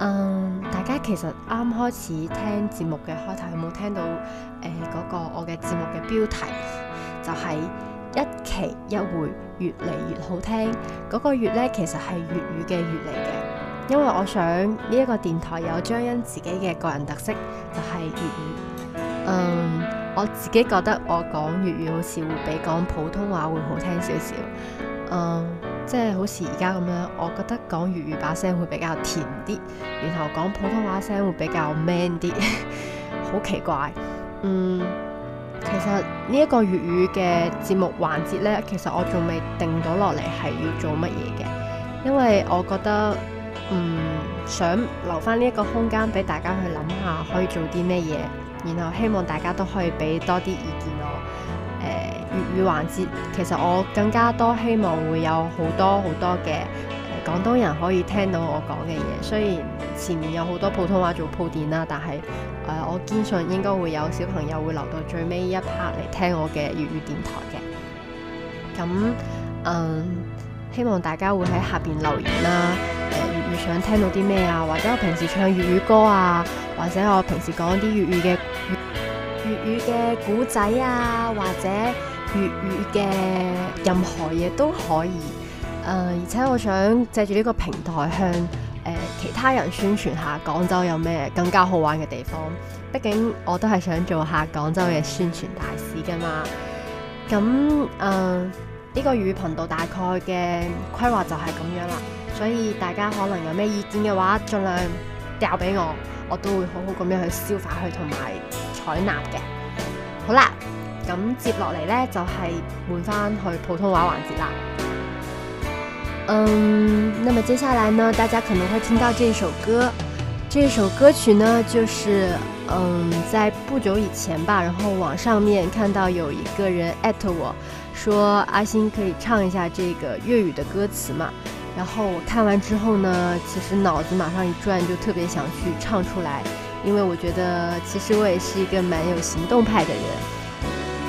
嗯、um,，大家其實啱開始聽節目嘅開頭有冇聽到誒嗰、呃那個我嘅節目嘅標題？就係、是、一期一會越嚟越好聽。嗰、那個越呢，其實係粵語嘅越嚟嘅，因為我想呢一個電台有張欣自己嘅個人特色，就係粵語。嗯，我自己覺得我講粵語好似會比講普通話會好聽少少。嗯。即係好似而家咁樣，我覺得講粵語把聲會比較甜啲，然後講普通話聲會比較 man 啲，好 奇怪。嗯，其實呢一個粵語嘅節目環節呢，其實我仲未定到落嚟係要做乜嘢嘅，因為我覺得嗯想留翻呢一個空間俾大家去諗下可以做啲咩嘢，然後希望大家都可以俾多啲意見我。粵語環節，其實我更加多希望會有好多好多嘅呃、廣東人可以聽到我講嘅嘢。雖然前面有好多普通話做鋪墊啦，但係誒、呃，我堅信應該會有小朋友會留到最尾一 part 嚟聽我嘅粵語電台嘅。咁，嗯，希望大家會喺下邊留言啦、啊，誒、呃，粵語想聽到啲咩啊？或者我平時唱粵語歌啊，或者我平時講啲粵語嘅粵語嘅古仔啊，或者。粵語嘅任何嘢都可以，誒、呃，而且我想借住呢個平台向、呃、其他人宣傳下廣州有咩更加好玩嘅地方。畢竟我都係想做下廣州嘅宣傳大使噶嘛。咁誒，呢、呃這個粵語頻道大概嘅規劃就係咁樣啦。所以大家可能有咩意見嘅話，盡量掉俾我，我都會好好咁樣去消化佢同埋採納嘅。好啦。咁接落嚟呢，就係換翻去普通話環節啦。嗯，那麼接下來呢，大家可能會聽到這首歌。這首歌曲呢，就是嗯，在不久以前吧，然後網上面看到有一個人 at 我說阿星可以唱一下這個粵語的歌詞嘛。然後我看完之後呢，其實腦子馬上一轉，就特別想去唱出來，因為我覺得其實我也是一個蠻有行動派的人。